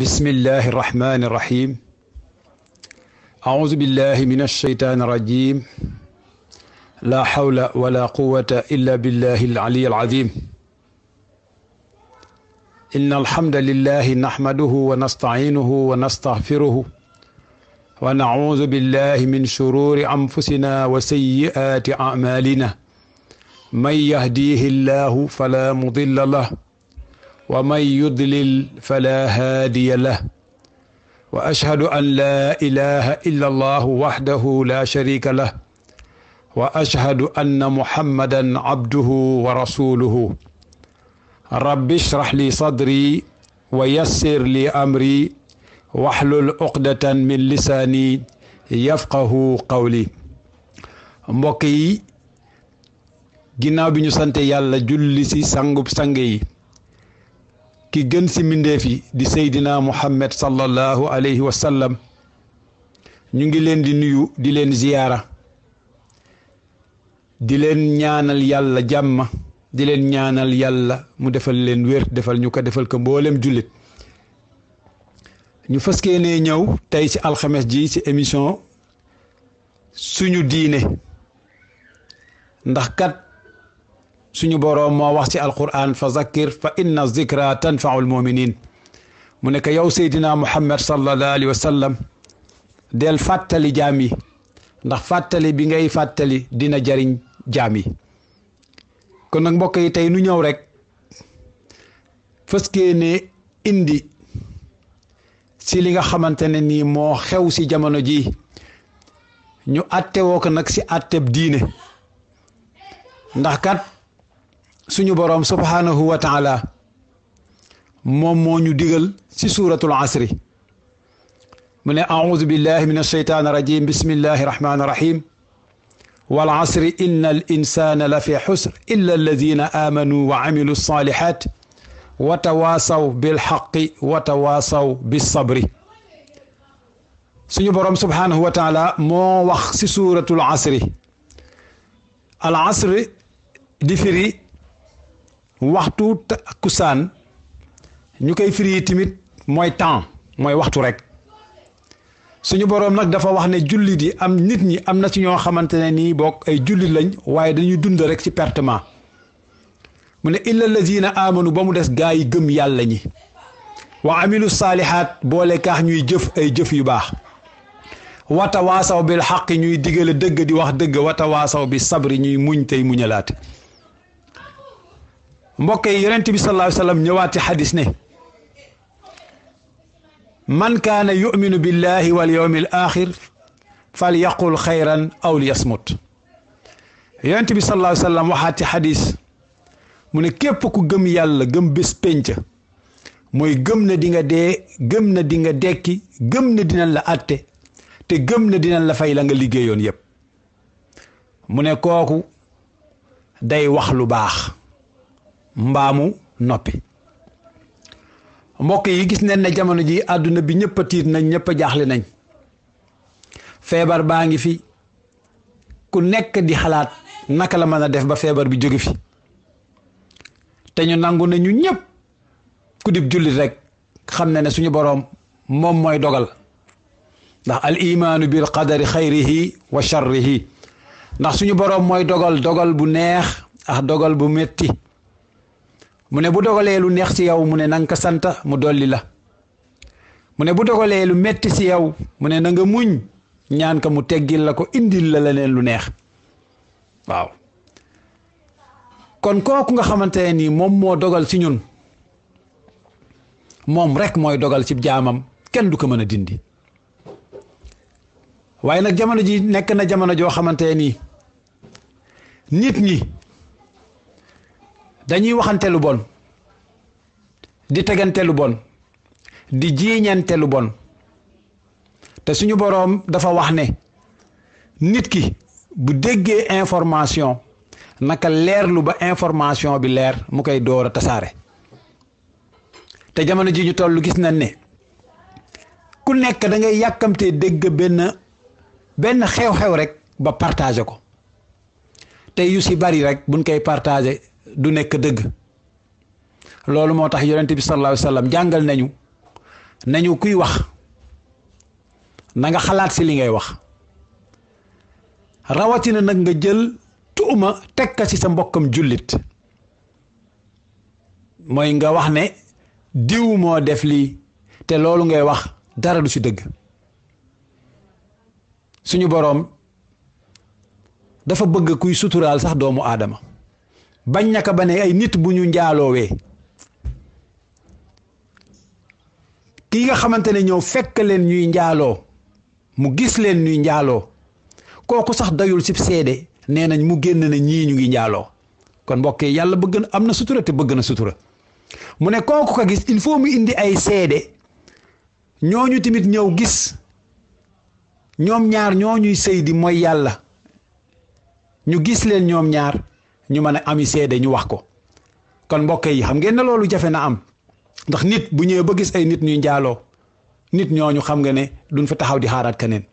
bismillahi irrahmani irrahim aousubillahi min alsheytaani irrajim laa hawla wala quwata illa billahi alali alazim inna alhamda lillahi nahmaduhu wa nastaciinuhu wa nastahfiruhu wa nacuudu billahi min shururi anfusina wa sayyi'aati acmaalina man yahdihi allahu fala mudilla lah ومن يضلل فلا هادي له واشهد ان لا اله الا الله وحده لا شريك له واشهد ان محمدا عبده ورسوله رب اشرح لي صدري ويسر لي امري واحلل عقده من لساني yafqahu qawli mbokk yi ginnaaw bi ñu sante yàlla julli ci sangub sang yi ki gën si mbindeef yi di seydina muhammad sallallahu alayhi wa sallam ñu ngi leen di nuyu di leen ziyaara di leen ñaanal yàlla jàmma di leen ñaanal yàlla mu defal leen wér defal ñu ko defal ko mboolem jullit ñu fas yéene ñëw tey ci alxames ji ci émission suñu diine ndax kat suñu boroom moo wax ci alquran fa zakkir fa inna zikra tanfaul muminin mu nekk yow seydina muhammad sallallahu alayhi wa sallam del fàttali jaam ndax fàttali bi ngay fàttali dina jariñ jaam kon nag mbokk yi tey nu ñëw rek fëskee ne indi si li nga xamante ne nii moo xew ci jamono jii ñu àtte ko nag ci àtteb diine ndax kat suñu boroom subhaanahu wa taala moom moo ñu digal ci suuratul asri mu ne audu billahi min alsheytaan rajim bismillahi rahmaani rahim wal asri inna al insana la fi xusr illa alladina aamanu wa amilu alsalihat wa tawaasaw bilxaqi wa tawaasaw bilsabri suñu boroom subhaanahu wa taala moo wax ci suuratul asri al asri di firi waxtu takkusaan ñu koy firi tamit mooy temps mooy waxtu rek suñu boroom nag dafa wax ne jullit yi am nit ñi am na ci ñoo xamante ne nii bokk ay jullit lañ waaye dañuy dund rek ci pertement mu ne illa lazina amanu ba mu des gaa yi gëm yàlla ñi wa amilu saalihaat boole kaax ñuy jëf ay jëf yu baax watawaasaw bi xaq ñuy digale dëgg di wax dëgg watawaasaw bi sabri ñuy muñ tey muñalaate mbokk yi yonent bi sallallahu alayhi wa sallam ñëwaat ci xadis ne man kaana yuminu billahi wal yawmil axir fal yaqul xayran aw yasmut yonent bi sallallahu alayhi wa sallam waxaat ci xadis mu ne képp ku gëm yàlla gëm bés pénc mooy gëm na di dee gëm na di dekki gëm na dinañ la atte te gëm na dinañ la fay la nga liggéeyoon yépp mu ne kooku day wax lu baax mbaamu noppi mbokk yi gis nañ ne jamono ji àdduna bi ñëpp a tiit nañ ñëpp a jaaxle nañ feebar baa ngi fi ku nekk di xalaat naka la mën a def ba feebar bi jóge fi te ñu nangu ne ñu ñëpp ku dib jullit rek xam na ne suñu boroom moom mooy dogal ndax al imaanu bil qadari xayrihi wa sharrihi ndax suñu boroom mooy dogal dogal bu neex ak dogal bu metti mu ne bu dogalee lu neex ci yow mu ne na nga sant mu dolli la mu ne bu dogalee lu metti ci yow mu ne na nga muñ ñaan ka mu teggil la ko indil la leneen lu neex waaw kon kooku nga xamante ne nii moom moo dogal ci ñun moom rek mooy dogal ci jaamam kenn du ko mën a dindi waaye nag jamono ji nekk na jamono joo xamante nii nit ñi dañuy waxante lu bon di tegante lu bon di jiiñante lu bon te suñu boroom dafa wax ne nit ki bu déggee information naka leerlu ba information bi leer mu koy door a tasaare te jamono ji ñu toll gis nañ ne ku nekk dangay yàkkamtee dégg benn benn xew-xew rek ba partager ko te yu si bari rek buñ koy partager du nekk dëgg loolu moo tax yonent bi sallallahu alayhi wa jàngal nañu nañu kuy wax na nga xalaat si li ngay wax rawatina nag nga jël tuuma tekka ci sa mbokkam jullit mooy nga wax ne diw moo def lii te loolu ngay wax dara du ci dëgg suñu boroom dafa bëgg kuy suturaal sax doomu aadama bañ naka ba ne ay nit bu ñu njaaloowee kii nga xamante ne ñëw fekk leen ñuy njaaloo mu gis leen ñuy njaaloo kooku sax dayul si seede nee nañ mu génn na ñii ñu ngi njaaloo kon mbokk yàlla bëgg na am na sutura te bëgg na sutura mu ne kooku ko gis il faut mu indi ay seede ñooñu tamit ñëw gis ñoom ñaar ñoo ñuy sëy di mooy yàlla ñu gis leen ñoom ñaar ñu mën a ami seede ñu wax ko kon mbokk yi xam ngeen ne loolu jafe na am ndax nit bu ñëwee ba gis ay nit ñuy njaaloo nit ñooñu xam nga ne duñ fi taxaw di xaaraat keneen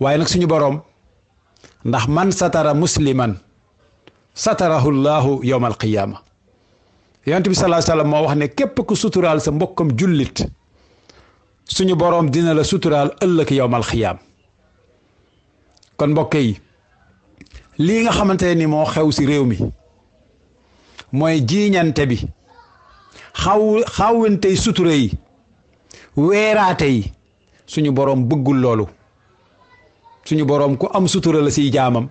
waaye nag suñu boroom ndax man satara musliman satarahu llahu yowma alqiyaama yonent bi salaa moo wax ne képp ku suturaal sa mbokkam jullit suñu boroom dina la suturaal ëllëg yowma alqiyaam kon mbokk yi lii nga xamante ni moo xew ci réew mi mooy jiiñante bi xaw xawwantey sutura yi weeraate yi suñu boroom bëggul loolu suñu boroom ku am sutura la siy jaamam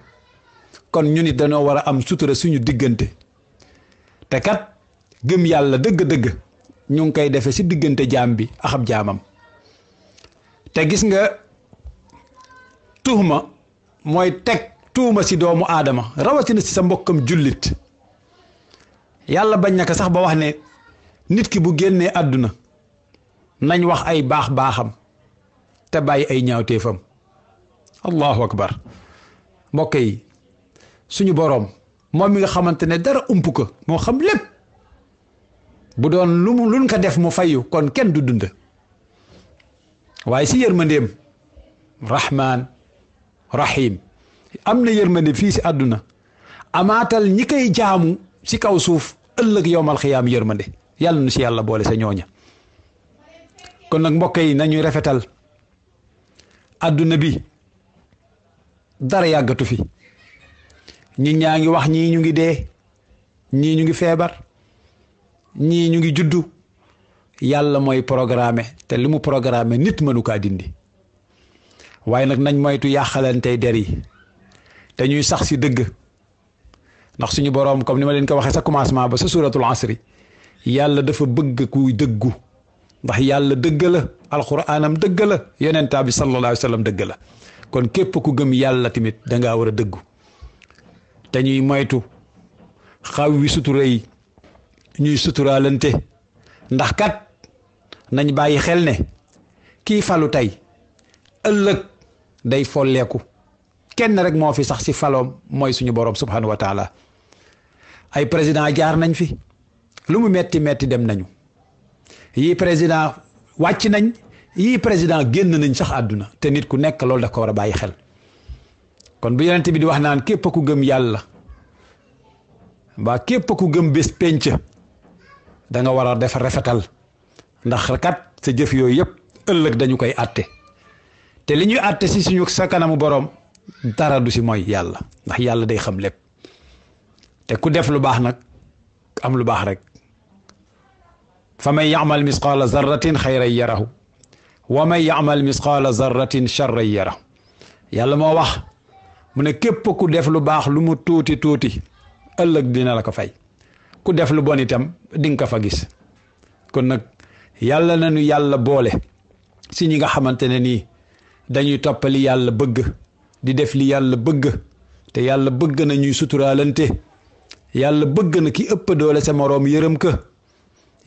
kon ñu nit dañoo war a am sutura suñu diggante te kat gëm yàlla dëgg-dëgg ñu ngi koy defe si diggante jaam bi axab jaamam te gis nga tuxma mooy teg tuuma ci doomu aadama rawatina ci sa mbokkam jullit yàlla bañ na ko sax ba wax ne nit ki bu génnee àdduna nañ wax ay baax baaxam te bàyyi ay ñaawteefam allahu akbar mbokk yi suñu boroom moom mi nga xamante ne dara ump ko moo xam lépp bu doon lu luñ ko def mu fayu kon kenn du dund waaye si yërmandeem rahmaan rahim am na yërmande fii si àdduna amaatal ñi koy jaamu si kaw suuf ëllëg yowmal xiyaam yërmande yàlla nu si yàlla boole sa ñooña kon nag mbokk yi nañuy rafetal àdduna bi dara yàggatu fi ñi ñaa ngi wax ñii ñu ngi dee ñii ñu ngi feebar ñii ñu ngi juddu yàlla mooy programme te li mu programme nit mënu kaa dindi waaye nag nañ moytu yàqalantey der yi dañuy sax si dëgg ndax suñu boroom comme ni ma leen ko waxee sa commencement ba sa suratul asri yàlla dafa bëgg kuy dëggu ndax yàlla dëgg la alxuraanam dëgg la yonentaa bi sallallahu alayhi wa dëgg la kon képp ku gëm yàlla tamit dangaa war a dëggu te ñuy moytu xaw wi sutura yi ñuy suturaalante ndax kat nañ bàyyi xel ne kii falu tey ëllëg day folleeku kenn rek moo fi sax si faloom mooy suñu borom subhanahu wa taala ay président jaar nañ fi lu mu metti metti dem nañu yii président wàcc nañ yii président génn nañ sax àdduna te nit ku nekk loolu daf ko war a bàyyi xel kon bu yonent bi di wax naan képp ku gëm yàlla mbaa képp ku gëm bés penc danga war a def rafetal ndax kat sa jëf yooyu yëpp ëllëg dañu koy àtte te li ñuy àtte si suñu sa kanamu borom dara du si mooy yàlla ndax yàlla day xam lépp te ku def lu baax nag am lu baax rek fa may ya man yaamal misqaala zarratin xayran yarahu wa man yaamal misqaala zarratin charran yarahu yàlla moo wax mu ne képp ku def lu baax lu mu tuuti tuuti ëllëg dina la ko fay ku def lu bon itam dinga ko fa gis kon nag yàlla na nañu yàlla boole si ñi nga xamante ne nii dañuy toppali yàlla bëgg di def li yàlla bëgg te yàlla bëgg na ñuy suturaalante yàlla bëgg na ki ëpp doole sa moroom yërëm ka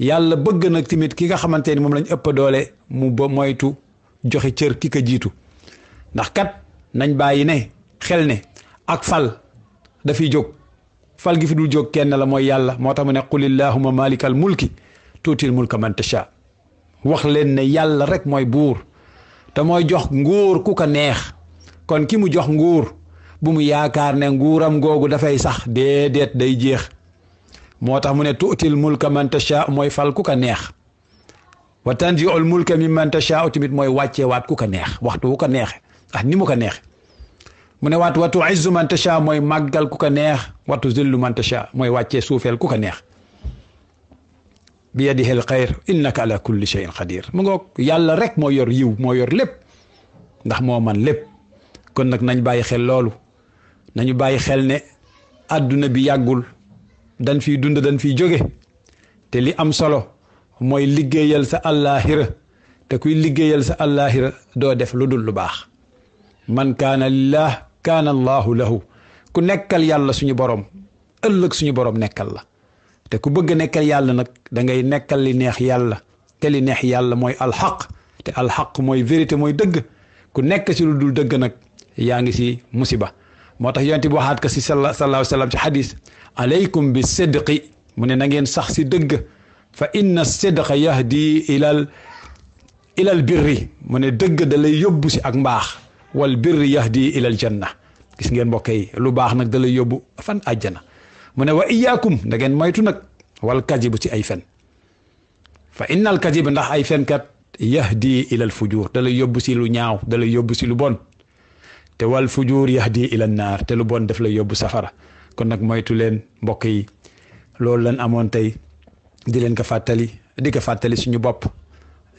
yàlla bëgg na tamit ki nga xamante ni moom lañu ëpp doole mu bo moytu joxe cër ki ko jiitu ndax kat nañ bàyyi ne xel ne ak fal dafay jóg fal gi fi dul jóg kenn la mooy yàlla moo tax mu ne qul illahuma malikal mulki tuutil mulka man tasha wax leen ne yàlla rek mooy buur te mooy jox nguur ku ko neex kon ki mu jox nguur bu mu yaakaar ne nguuram googu dafay sax déedéet day jeex moo tax mu ne tuutil mulka man tashaa mooy fal ku ka neex wa tanziul mulka mimman tashaa tamit mooy wàccee waat ku ka neex waxtu wu ka neex ah ni mu ko neexe mu ne waat wa tuizzu man tashaa mooy màggal ku ka neex wa tuzillu man tashaa mooy wàccee suufeel ku ka neex bi yadihi alxayr innaka ala kulli shay'in qadir mu ngoog yàlla rek moo yor yiw moo yor lépp ndax moo man lépp kon nag nañ bàyyi xel loolu nañu bàyyi xel ne àdduna bi yàggul dañ fiy dund dañ fiy jóge te li am solo mooy liggéeyal sa àllaaxira te kuy liggéeyal sa àllaaxira doo def lu dul lu baax man kaana lillaah kaana allaahu lahu ku nekkal yàlla suñu borom ëllëg suñu borom nekkal la te ku bëgg nekkal yàlla nag dangay nekkal li neex yàlla te li neex yàlla mooy alxaq te alxaq mooy vérité mooy dëgg ku nekk ci lu dul dëgg nag yaa ngi si musiba moo tax yonent bi waxaat ko si sallallahu alayhi wa sallam ci xadis aleykum bi sidqi mu ne na ngeen sax ci dëgg fa inna sidqa yahdi ilal ilal birri mu ne dëgg dalay yóbbu si ak mbaax wal birri yahdi ilal janna gis ngeen mbokk yi lu baax nag da lay yóbbu fan àjjana mu ne wa iyaakum da ngeen moytu nag wal kajibu ci ay fen fa innal kajiba ndax ay fenkat yahdi ilal fujur da lay yóbbu si lu ñaaw dalay yóbbu si lu bon te wal fujuur yahdi ila naar te lu bon def la yóbbu safara kon nag moytu leen mbokk yi loolu lan amoon tey di leen ko fàttali di ko fàttali suñu bopp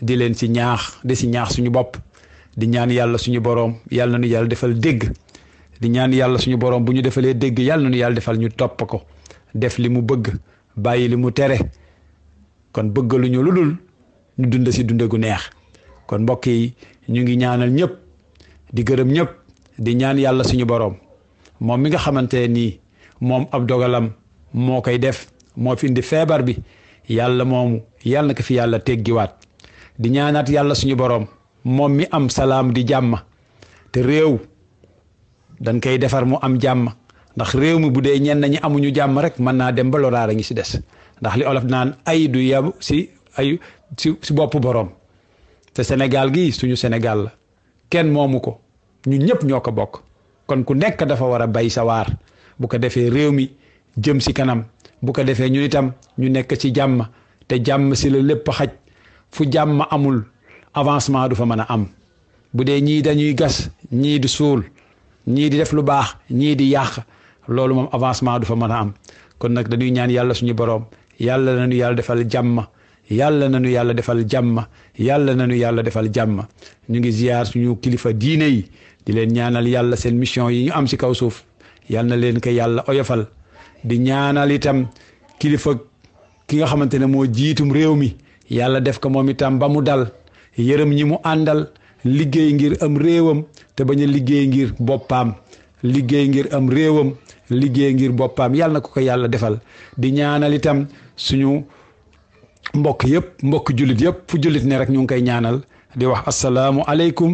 di leen si ñaax di si ñaax suñu bopp di ñaan yàlla suñu boroom yàlla na nu yàlla defal dégg di ñaan yàlla suñu boroom bu ñu defalee dégg yàlla na nu yàlla defal ñu topp ko def li mu bëgg bàyyi li mu tere kon bëggaluñu lu dul ñu dund si dund gu neex kon mbokk yi ñu ngi ñaanal ñëpp di gërëm ñëpp. di ñaan yàlla suñu boroom moom mi nga xamante nii moom ab dogalam moo koy def moo fi indi feebar bi yàlla moomu yàlla na ko fi yàlla teggiwaat di ñaanaat yàlla suñu boroom moom mi am salaam di jàmm te réew dañ koy defar mu am jàmm ndax réew mi bu dee ñenn ñi amuñu jàmm rek mën naa dem ba loraar a ngi si des ndax li olof naan ay du yabu si ay si si bopp boroom te Sénégal gi suñu Sénégal la kenn moomu ko ñu ñëpp ñoo ko bokk kon ku nekk dafa war a bay sawaar bu ko defee réew mi jëm si kanam bu ko defee ñun itam ñu nekk ci jàmm te jàmm si la lépp xaj fu jàmm amul avancement du fa mën a am bu dee ñii dañuy gas ñii di suul ñii di def lu baax ñii di yàq loolu moom avancement du fa mën a am kon nag dañuy ñaan yàlla suñu boroom yàlla nañu yàlla defal jàmm yàlla nañu yàlla defal jàmm yàlla nañu yàlla defal jàmm ñu ngi ziyaar suñu kilifa diine yi di leen ñaanal yàlla seen mission yi ñu am ci kaw suuf yal na leen ko yàlla oyofal di ñaanal itam kilifa ki nga xamante ne moo jiitum réew mi yàlla def ko moom itam ba mu dal yërëm ñi mu àndal liggéey ngir am réewam te bañ liggéey ngir boppam liggéey ngir am réewam liggéey ngir boppam yàlla na ko ko yàlla defal di ñaanal itam suñu mbokk yëpp mbokk jullit yëpp fu jullit ne rek ñu ngi koy ñaanal di wax asalaamu aleykum